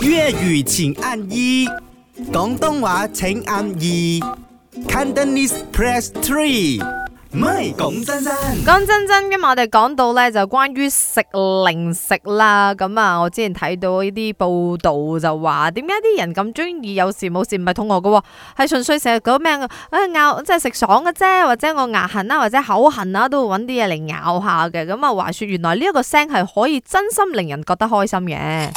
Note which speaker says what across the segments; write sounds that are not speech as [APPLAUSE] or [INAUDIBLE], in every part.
Speaker 1: 粵語請按一，廣東話請按二 Cantonese press three 真真。唔係講真真，
Speaker 2: 講真真，今日我哋講到咧就關於食零食啦。咁、嗯、啊，我之前睇到呢啲報道就話，點解啲人咁中意有事冇事唔係肚餓嘅喎，係純粹成日講咩啊咬，即係食爽嘅啫。或者我牙痕啊，或者口痕啊，都會揾啲嘢嚟咬下嘅。咁、嗯、啊，話說原來呢一個聲係可以真心令人覺得開心嘅。.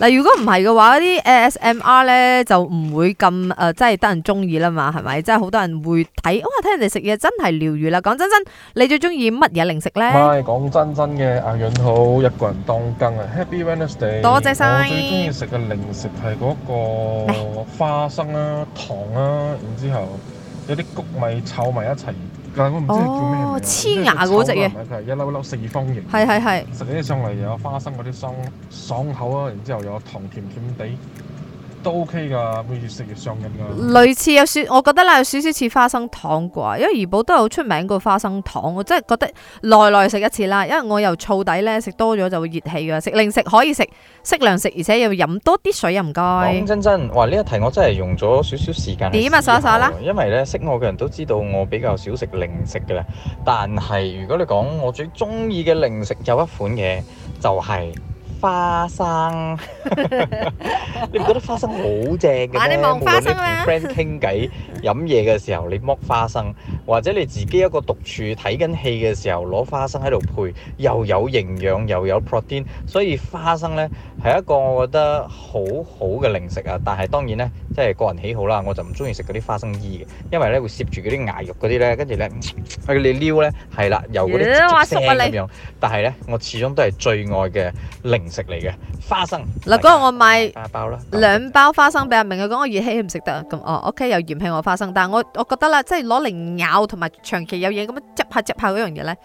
Speaker 2: 嗱，如果唔係嘅話，啲 ASMR 咧就唔會咁誒，即係得人中意啦嘛，係咪？即係好多人會睇，哇，睇人哋食嘢真係療愈啦。講真真，你最中意乜嘢零食咧？唔
Speaker 3: 係講真真嘅，阿潤好，一個人當更啊，Happy Wednesday，多謝晒。我最中意食嘅零食係嗰個花生啦、糖啦，然之後有啲谷米炒埋一齊。但我唔知道叫咩名。哦，黐牙嗰隻嘢。係一粒一粒四方形。係係係。食起上嚟有花生嗰啲爽爽口啊，然之後又有糖甜甜地。都 OK 㗎，會越食越
Speaker 2: 上癮㗎。類似有少，我覺得啦，有少少似花生糖啩，因為怡保都有出名個花生糖，我真係覺得耐耐食一次啦。因為我又燥底咧，食多咗就會熱氣㗎。食零食可以食，適量食，而且要飲多啲水啊，唔該。講真真，
Speaker 1: 哇！呢一題我真係用咗少少時間。點啊，耍耍啦！因為咧，識我嘅人都知道我比較少食零食㗎啦。但係如果你講我最中意嘅零食有一款嘢，就係、是。花生， [LAUGHS] 你唔覺得花生好正嘅咩？玩你玩花生咩？你同 friend 傾偈飲嘢嘅時候，你剝花生，或者你自己一個獨處睇緊戲嘅時候，攞花生喺度配，又有營養又有 protein，所以花生呢。係一個我覺得好好嘅零食啊！但係當然咧，即係個人喜好啦，我就唔中意食嗰啲花生衣嘅，因為咧會攝住嗰啲牙肉嗰啲咧，跟住咧去你撩咧，係啦，有嗰啲聲咁樣。但係咧，我始終都係最愛嘅零食嚟嘅花生。嗱，嗰日我買兩包啦，兩
Speaker 2: 包花生俾阿明，佢講，我熱氣唔食得咁。哦，OK，又嫌棄我花生，但我我覺得啦，即係攞嚟咬同埋長期有嘢咁樣執下執下嗰樣嘢咧。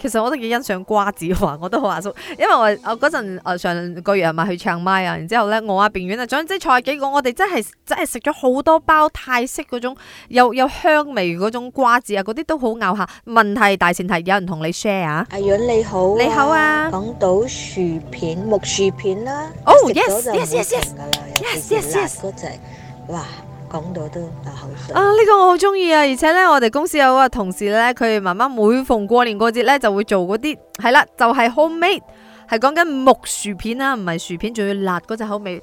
Speaker 2: 其實我都幾欣賞瓜子話，我都好話蘇，因為我我嗰陣誒上個月係咪去清邁啊？然之後咧我阿炳院啊，總之菜幾個，我哋真係真係食咗好多包泰式嗰種又有香味嗰種瓜子啊，嗰啲都好咬下。問題大前提有人同你 share 啊，阿遠你好你好啊，講到薯片木薯片啦，哦 yes yes yes
Speaker 1: yes yes yes 嗰隻
Speaker 2: 哇。
Speaker 3: 講到都啊流
Speaker 2: 口水呢個我好中意啊，而且咧我哋公司有個同事咧，佢媽媽每逢過年過節咧就會做嗰啲係啦，就係 homemade 係講緊木薯片啦，唔係薯片，仲要辣嗰隻口味。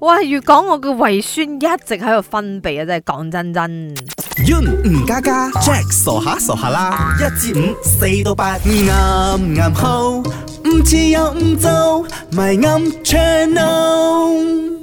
Speaker 2: 哇！越講我嘅胃酸一直喺度分泌啊，真係講真真。
Speaker 1: y 唔加加，Jack 傻下傻下啦，一
Speaker 3: 至五，四到八，啱啱好，唔似又唔就，咪啱 channel。